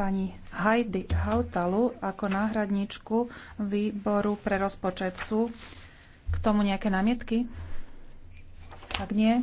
pani Heidi Hautalu ako náhradničku výboru pre rozpočet. Sú k tomu nejaké námietky? Ak nie,